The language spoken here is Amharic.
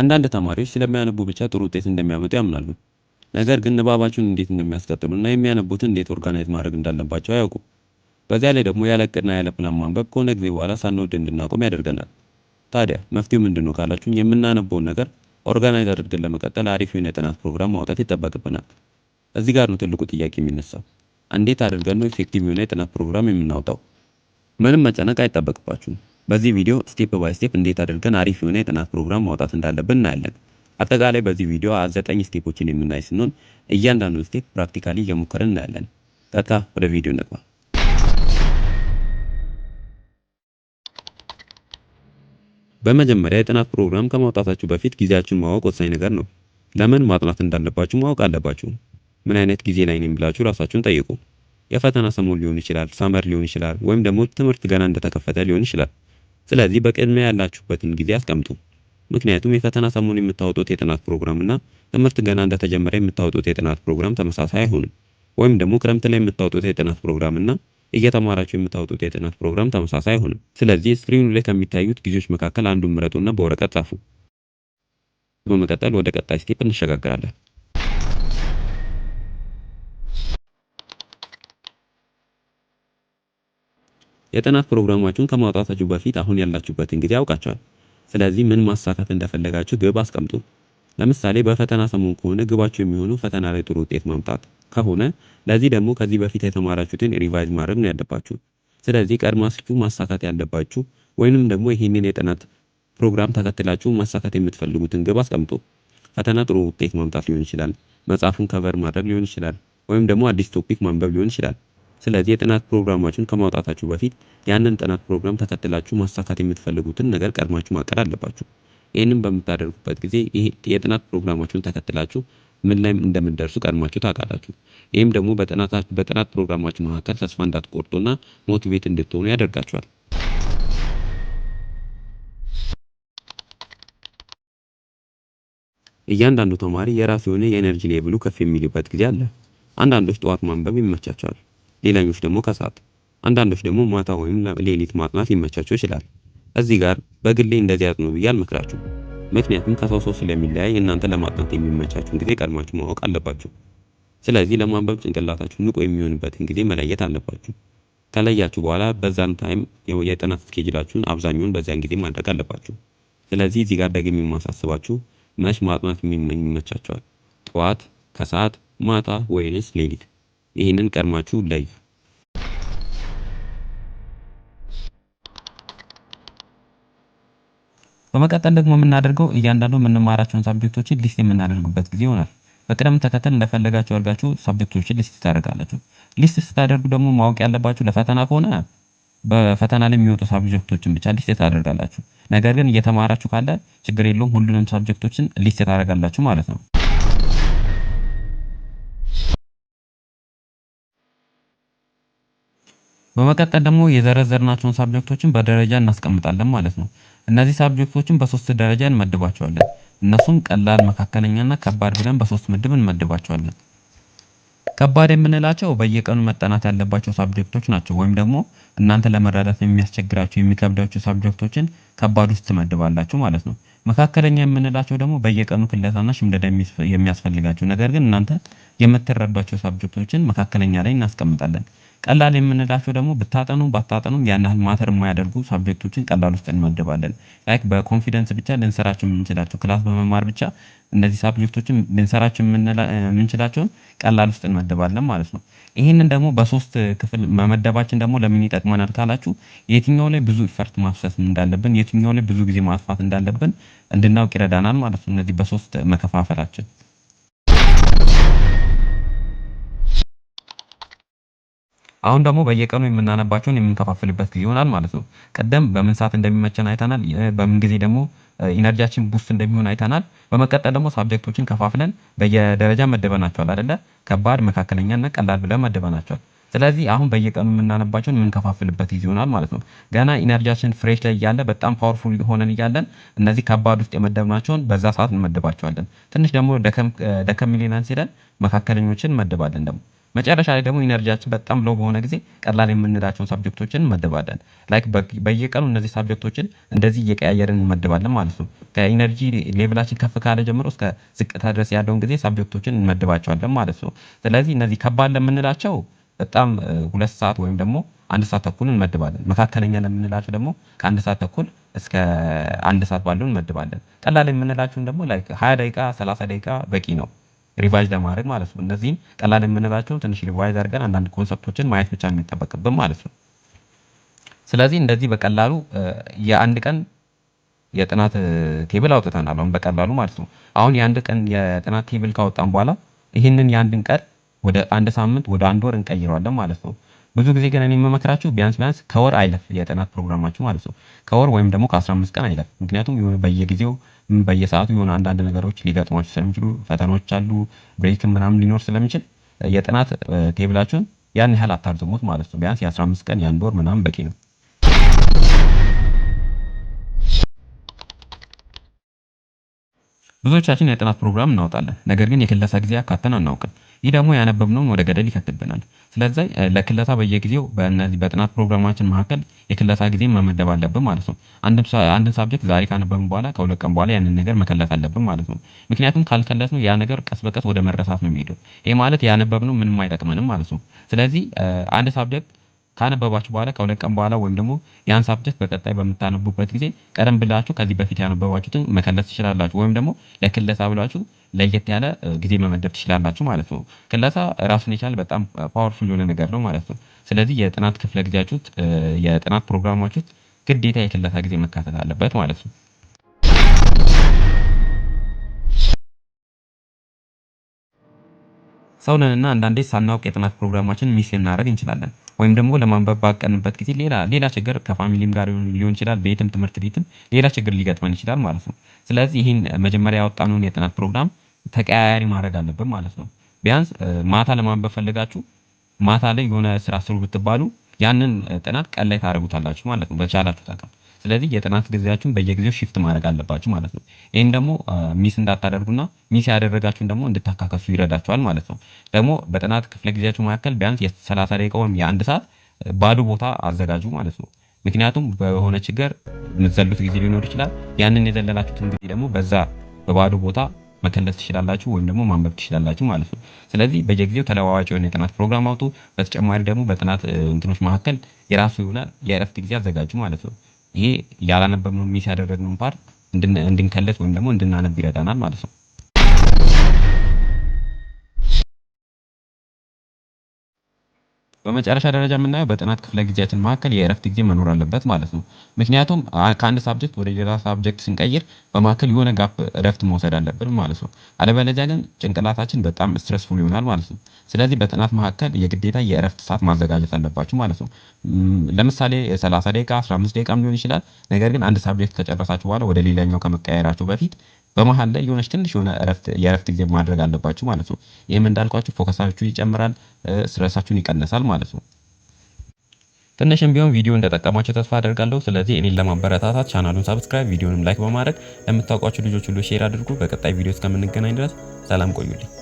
አንዳንድ ተማሪዎች ስለሚያነቡ ብቻ ጥሩ ውጤት እንደሚያመጡ ያምናሉ። ነገር ግን ንባባቸውን እንዴት እንደሚያስቀጥሉ እና የሚያነቡትን እንዴት ኦርጋናይዝ ማድረግ እንዳለባቸው አያውቁም። በዚያ ላይ ደግሞ ያለ እቅድና ያለ ፕላን ማንበብ ከሆነ ጊዜ በኋላ ሳንወድ እንድናቆም ያደርገናል። ታዲያ መፍትሄው ምንድነው ካላችሁ የምናነበውን ነገር ኦርጋናይዝ አድርገን ለመቀጠል አሪፍ የሆነ የጥናት ፕሮግራም ማውጣት ይጠበቅብናል። እዚህ ጋር ነው ትልቁ ጥያቄ የሚነሳው፣ እንዴት አድርገን ነው ኢፌክቲቭ የሆነ የጥናት ፕሮግራም የምናውጣው? ምንም መጨነቅ አይጠበቅባችሁም። በዚህ ቪዲዮ ስቴፕ ባይ ስቴፕ እንዴት አድርገን አሪፍ የሆነ የጥናት ፕሮግራም ማውጣት እንዳለብን እናያለን። አጠቃላይ በዚህ ቪዲዮ ዘጠኝ ስቴፖችን የምናይ ስንሆን እያንዳንዱ ስቴፕ ፕራክቲካሊ እየሞከርን እናያለን። ቀጥታ ወደ ቪዲዮ እንግባ። በመጀመሪያ የጥናት ፕሮግራም ከማውጣታችሁ በፊት ጊዜያችሁን ማወቅ ወሳኝ ነገር ነው። ለምን ማጥናት እንዳለባችሁ ማወቅ አለባችሁ። ምን አይነት ጊዜ ላይ ነኝ ብላችሁ ራሳችሁን ጠይቁ። የፈተና ሰሞን ሊሆን ይችላል፣ ሳመር ሊሆን ይችላል፣ ወይም ደግሞ ትምህርት ገና እንደተከፈተ ሊሆን ይችላል። ስለዚህ በቅድሚያ ያላችሁበትን ጊዜ አስቀምጡ። ምክንያቱም የፈተና ሰሞን የምታወጡት የጥናት ፕሮግራም እና ትምህርት ገና እንደተጀመረ የምታወጡት የጥናት ፕሮግራም ተመሳሳይ አይሆንም። ወይም ደግሞ ክረምት ላይ የምታወጡት የጥናት ፕሮግራም እና እየተማራችሁ የምታወጡት የጥናት ፕሮግራም ተመሳሳይ አይሆንም። ስለዚህ ስክሪኑ ላይ ከሚታዩት ጊዜዎች መካከል አንዱን ምረጡና በወረቀት ጻፉ። በመቀጠል ወደ ቀጣይ ስቴፕ እንሸጋግራለን። የጥናት ፕሮግራማችሁን ከማውጣታችሁ በፊት አሁን ያላችሁበትን ጊዜ ያውቃችኋል። ስለዚህ ምን ማሳካት እንደፈለጋችሁ ግብ አስቀምጡ። ለምሳሌ በፈተና ሰሞን ከሆነ ግባችሁ የሚሆኑ ፈተና ላይ ጥሩ ውጤት ማምጣት ከሆነ ለዚህ ደግሞ ከዚህ በፊት የተማራችሁትን ሪቫይዝ ማድረግ ነው ያለባችሁ። ስለዚህ ቀድማችሁ ማሳካት ያለባችሁ ወይንም ደግሞ ይህንን የጥናት ፕሮግራም ተከትላችሁ ማሳካት የምትፈልጉትን ግብ አስቀምጡ። ፈተና ጥሩ ውጤት ማምጣት ሊሆን ይችላል፣ መጽሐፉን ከቨር ማድረግ ሊሆን ይችላል፣ ወይም ደግሞ አዲስ ቶፒክ ማንበብ ሊሆን ይችላል። ስለዚህ የጥናት ፕሮግራማችን ከማውጣታችሁ በፊት ያንን ጥናት ፕሮግራም ተከትላችሁ ማሳካት የምትፈልጉትን ነገር ቀድማችሁ ማቀድ አለባችሁ። ይህንም በምታደርጉበት ጊዜ የጥናት ፕሮግራማችሁን ተከትላችሁ ምን ላይ እንደምንደርሱ ቀድማችሁ ታውቃላችሁ። ይህም ደግሞ በጥናት ፕሮግራማችሁ መካከል ተስፋ እንዳትቆርጡና ሞቲቬት እንድትሆኑ ያደርጋችኋል። እያንዳንዱ ተማሪ የራሱ የሆነ የኤነርጂ ሌብሉ ከፍ የሚልበት ጊዜ አለ። አንዳንዶች ጠዋት ማንበብ ይመቻቸዋል። ሌላኞች ደግሞ ከሰዓት፣ አንዳንዶች ደግሞ ማታ ወይም ሌሊት ማጥናት ሊመቻቸው ይችላል። እዚህ ጋር በግሌ እንደዚህ አጥኑ ብዬ አልመክራችሁ። ምክንያቱም ከሰው ሰው ስለሚለያይ እናንተ ለማጥናት የሚመቻችሁን ጊዜ ቀድማችሁ ማወቅ አለባችሁ። ስለዚህ ለማንበብ ጭንቅላታችሁ ንቁ የሚሆንበትን ጊዜ መለየት አለባችሁ። ከለያችሁ በኋላ በዛን ታይም የጥናት እስኬጅላችሁን አብዛኛውን በዚያን ጊዜ ማድረግ አለባችሁ። ስለዚህ እዚህ ጋር ደግሞ የማሳስባችሁ መች ማጥናት የሚመቻቸዋል? ጠዋት፣ ከሰዓት፣ ማታ ወይንስ ሌሊት? ይህንን ቀድማችሁ ለዩ። በመቀጠል ደግሞ የምናደርገው እያንዳንዱ የምንማራቸውን ሳብጀክቶችን ሊስት የምናደርግበት ጊዜ ይሆናል። በቅደም ተከተል እንደፈለጋችሁ አድርጋችሁ ሳብጀክቶችን ሊስት ታደርጋላችሁ። ሊስት ስታደርጉ ደግሞ ማወቅ ያለባችሁ ለፈተና ከሆነ በፈተና ላይ የሚወጡ ሳብጀክቶችን ብቻ ሊስት ታደርጋላችሁ። ነገር ግን እየተማራችሁ ካለ ችግር የለውም ሁሉንም ሳብጀክቶችን ሊስት ታደርጋላችሁ ማለት ነው። በመቀጠል ደግሞ የዘረዘርናቸውን ሳብጀክቶችን በደረጃ እናስቀምጣለን ማለት ነው። እነዚህ ሳብጀክቶችን በሶስት ደረጃ እንመድባቸዋለን እነሱም ቀላል እና ከባድ ብለን በሶስት ምድብ እንመድባቸዋለን። ከባድ የምንላቸው በየቀኑ መጠናት ያለባቸው ሳብጀክቶች ናቸው ወይም ደግሞ እናንተ ለመረዳት የሚያስቸግራቸው የሚከብዳቸው ሳብጀክቶችን ከባድ ውስጥ ትመድባላችሁ ማለት ነው። መካከለኛ የምንላቸው ደግሞ በየቀኑ ክለሳና ሽምደዳ የሚያስፈልጋቸው ነገር ግን እናንተ የምትረዷቸው ሳብጀክቶችን መካከለኛ ላይ እናስቀምጣለን ቀላል የምንላቸው ደግሞ ብታጠኑ ባታጠኑም ያን ያህል ማተር የማያደርጉ ሳብጀክቶችን ቀላል ውስጥ እንመደባለን። ላይክ በኮንፊደንስ ብቻ ልንሰራቸው የምንችላቸው ክላስ በመማር ብቻ እነዚህ ሳብጀክቶችን ልንሰራቸው የምንችላቸውን ቀላል ውስጥ እንመደባለን ማለት ነው። ይህንን ደግሞ በሶስት ክፍል መመደባችን ደግሞ ለምን ይጠቅመናል ካላችሁ የትኛው ላይ ብዙ ኢፈርት ማፍሰስ እንዳለብን፣ የትኛው ላይ ብዙ ጊዜ ማጥፋት እንዳለብን እንድናውቅ ይረዳናል ማለት ነው። እነዚህ በሶስት መከፋፈላችን አሁን ደግሞ በየቀኑ የምናነባቸውን የምንከፋፍልበት ጊዜ ይሆናል ማለት ነው። ቀደም በምን ሰዓት እንደሚመቸን አይተናል በምን ጊዜ ደግሞ ኢነርጂያችን ቡስት እንደሚሆን አይተናል። በመቀጠል ደግሞ ሳብጀክቶችን ከፋፍለን በየደረጃ መደበናቸዋል አይደለ ከባድ መካከለኛ ቀላል ብለን መደበናቸዋል። ስለዚህ አሁን በየቀኑ የምናነባቸውን የምንከፋፍልበት ጊዜ ይሆናል ማለት ነው። ገና ኢነርጂያችን ፍሬሽ ላይ እያለ በጣም ፓወርፉል ሆነን እያለን እነዚህ ከባድ ውስጥ የመደብናቸውን በዛ ሰዓት እንመድባቸዋለን። ትንሽ ደግሞ ደከም ደከም ሲለን መካከለኞችን መደባለን ደግሞ መጨረሻ ላይ ደግሞ ኢነርጂያችን በጣም ሎ በሆነ ጊዜ ቀላል የምንላቸውን ሳብጀክቶችን እንመድባለን ላይክ በየቀኑ እነዚህ ሳብጀክቶችን እንደዚህ እየቀያየርን እንመድባለን ማለት ነው። ከኢነርጂ ሌቭላችን ከፍ ካለ ጀምሮ እስከ ዝቅታ ድረስ ያለውን ጊዜ ሳብጀክቶችን እንመድባቸዋለን ማለት ነው። ስለዚህ እነዚህ ከባድ ለምንላቸው በጣም ሁለት ሰዓት ወይም ደግሞ አንድ ሰዓት ተኩል እንመድባለን መካከለኛ ለምንላቸው ደግሞ ከአንድ ሰዓት ተኩል እስከ አንድ ሰዓት ባለው እንመድባለን ቀላል የምንላቸውን ደግሞ ላይክ ደቂቃ ሰላሳ ደቂቃ በቂ ነው ሪቫይዝ ለማድረግ ማለት ነው። እነዚህን ቀላል የምንላቸው ትንሽ ሪቫይዝ አድርገን አንዳንድ ኮንሰፕቶችን ማየት ብቻ ነው የሚጠበቅብን ማለት ነው። ስለዚህ እንደዚህ በቀላሉ የአንድ ቀን የጥናት ቴብል አውጥተናል። አሁን በቀላሉ ማለት ነው። አሁን የአንድ ቀን የጥናት ቴብል ካወጣን በኋላ ይህንን የአንድን ቀን ወደ አንድ ሳምንት ወደ አንድ ወር እንቀይረዋለን ማለት ነው። ብዙ ጊዜ ግን እኔ የምመክራችሁ ቢያንስ ቢያንስ ከወር አይለፍ የጥናት ፕሮግራማችሁ ማለት ነው። ከወር ወይም ደግሞ ከ15 ቀን አይለፍ። ምክንያቱም በየጊዜው በየሰዓቱ የሆነ አንዳንድ ነገሮች ሊገጥሟችሁ ስለሚችሉ ፈተናዎች አሉ ብሬክ ምናምን ሊኖር ስለሚችል የጥናት ቴብላችሁን ያን ያህል አታርዝሙት ማለት ነው። ቢያንስ የአሥራ አምስት ቀን የአንድ ወር ምናምን በቂ ነው ብዙዎቻችን የጥናት ፕሮግራም እናወጣለን ነገር ግን የክለሳ ጊዜ አካተን አናውቅም። ይህ ደግሞ ያነበብነውን ወደ ገደል ይከትብናል። ስለዚህ ለክለሳ በየጊዜው በእነዚህ በጥናት ፕሮግራማችን መካከል የክለሳ ጊዜ መመደብ አለብን ማለት ነው። አንድን ሳብጀክት ዛሬ ካነበብን በኋላ ከሁለት ቀን በኋላ ያንን ነገር መከለስ አለብን ማለት ነው። ምክንያቱም ካልከለስነው ያ ነገር ቀስ በቀስ ወደ መረሳት ነው የሚሄደው ይሄ ማለት ያነበብነው ምንም አይጠቅመንም ማለት ነው። ስለዚህ አንድ ሳብጀክት ካነበባችሁ በኋላ ከሁለት ቀን በኋላ ወይም ደግሞ ያን ሳብጀክት በቀጣይ በምታነቡበት ጊዜ ቀደም ብላችሁ ከዚህ በፊት ያነበባችሁትን መከለስ ትችላላችሁ ወይም ደግሞ ለክለሳ ብላችሁ ለየት ያለ ጊዜ መመደብ ትችላላችሁ ማለት ነው። ክለሳ ራሱን የቻለ በጣም ፓወርፉል የሆነ ነገር ነው ማለት ነው። ስለዚህ የጥናት ክፍለ ጊዜያችሁ የጥናት ፕሮግራማችሁት ግዴታ የክለሳ ጊዜ መካተት አለበት ማለት ነው። ሰው አንዳንዴ ሳናውቅ የጥናት ፕሮግራማችን ሚስ ልናደርግ እንችላለን። ወይም ደግሞ ለማንበብ ባቀንበት ጊዜ ሌላ ሌላ ችግር ከፋሚሊም ጋር ሊሆን ይችላል ቤትም ትምህርት ቤትም ሌላ ችግር ሊገጥመን ይችላል ማለት ነው። ስለዚህ ይህን መጀመሪያ ያወጣነውን የጥናት ፕሮግራም ተቀያያሪ ማድረግ አለብን ማለት ነው። ቢያንስ ማታ ለማንበብ ፈልጋችሁ ማታ ላይ የሆነ ስራ ስሩ ብትባሉ ያንን ጥናት ቀን ላይ ታደርጉታላችሁ ማለት ነው በቻላችሁ አቅም ስለዚህ የጥናት ጊዜያችሁን በየጊዜው ሺፍት ማድረግ አለባችሁ ማለት ነው። ይህን ደግሞ ሚስ እንዳታደርጉና ሚስ ያደረጋችሁን ደግሞ እንድታካከሱ ይረዳችኋል ማለት ነው። ደግሞ በጥናት ክፍለ ጊዜያችሁ መካከል ቢያንስ የሰላሳ ደቂቃ ወይም የአንድ ሰዓት ባዶ ቦታ አዘጋጁ ማለት ነው። ምክንያቱም በሆነ ችግር የምትዘሉት ጊዜ ሊኖር ይችላል። ያንን የዘለላችሁትን ጊዜ ደግሞ በዛ በባዶ ቦታ መከለስ ትችላላችሁ ወይም ደግሞ ማንበብ ትችላላችሁ ማለት ነው። ስለዚህ በየጊዜው ተለዋዋጭ የሆነ የጥናት ፕሮግራም አውጡ። በተጨማሪ ደግሞ በጥናት እንትኖች መካከል የራሱ የሆነ የእረፍት ጊዜ አዘጋጁ ማለት ነው። ይሄ ያላነበብነው ሚስ ያደረግነውን ፓርት እንድንከለት ወይም ደግሞ እንድናነብ ይረዳናል ማለት ነው። በመጨረሻ ደረጃ የምናየው በጥናት ክፍለ ጊዜያችን መካከል የእረፍት ጊዜ መኖር አለበት ማለት ነው። ምክንያቱም ከአንድ ሳብጀክት ወደ ሌላ ሳብጀክት ስንቀይር በመካከል የሆነ ጋፕ እረፍት መውሰድ አለብን ማለት ነው። አለበለዚያ ግን ጭንቅላታችን በጣም ስትረስፉል ይሆናል ማለት ነው። ስለዚህ በጥናት መካከል የግዴታ የእረፍት ሰዓት ማዘጋጀት አለባችሁ ማለት ነው። ለምሳሌ ሰላሳ ደቂቃ አስራ አምስት ደቂቃም ሊሆን ይችላል ነገር ግን አንድ ሳብጀክት ከጨረሳችሁ በኋላ ወደ ሌላኛው ከመቀየራችሁ በፊት በመሀል ላይ የሆነች ትንሽ የሆነ እረፍት የእረፍት ጊዜ ማድረግ አለባችሁ ማለት ነው። ይህም እንዳልኳችሁ ፎከሳችሁን ይጨምራል ስትረሳችሁን ይቀንሳል ማለት ነው። ትንሽም ቢሆን ቪዲዮ እንደጠቀማቸው ተስፋ አደርጋለሁ። ስለዚህ እኔን ለማበረታታት ቻናሉን ሰብስክራይብ፣ ቪዲዮንም ላይክ በማድረግ ለምታውቋቸው ልጆች ሁሉ ሼር አድርጉ። በቀጣይ ቪዲዮ እስከምንገናኝ ድረስ ሰላም ቆዩልኝ።